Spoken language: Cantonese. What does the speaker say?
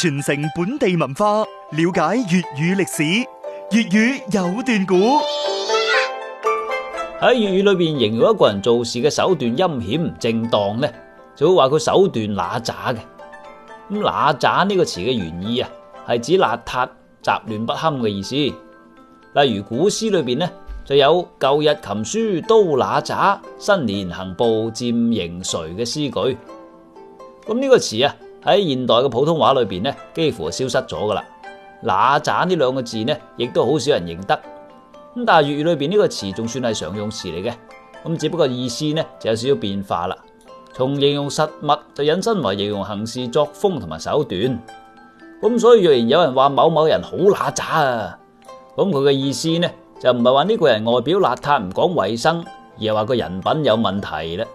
傳承本地文化，了解粵語歷史。粵語有段古喺粵 語裏邊形容一個人做事嘅手段陰險唔正當呢，就會話佢手段藞䕢嘅。咁藞䕢呢個詞嘅原意啊，係指邋遢、雜亂不堪嘅意思。例如古詩裏邊呢，就有舊日琴書都藞䕢，新年行步漸贏垂嘅詩句。咁呢個詞啊，喺現代嘅普通話裏邊咧，幾乎消失咗噶啦。藞䕢呢兩個字呢，亦都好少人認得。咁但係粵語裏邊呢個詞仲算係常用詞嚟嘅。咁只不過意思呢就有少少變化啦。從形容實物就引申為形容行事作風同埋手段。咁所以若然有人話某某人好藞䕢啊，咁佢嘅意思呢，就唔係話呢個人外表邋遢唔講衞生，而係話個人品有問題啦。